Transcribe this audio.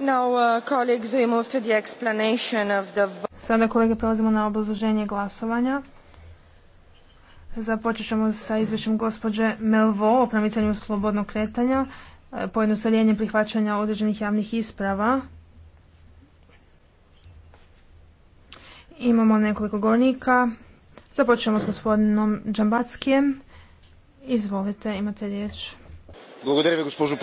Uh, Sada kolege prelazimo na obrazloženje glasovanja. Započet ćemo sa izvješćem gospođe Melvo o promicanju slobodnog kretanja, e, pojednostavljenjem prihvaćanja određenih javnih isprava. Imamo nekoliko govornika. Započnemo s gospodinom Džambackijem. Izvolite, imate riječ. Благодаря ви,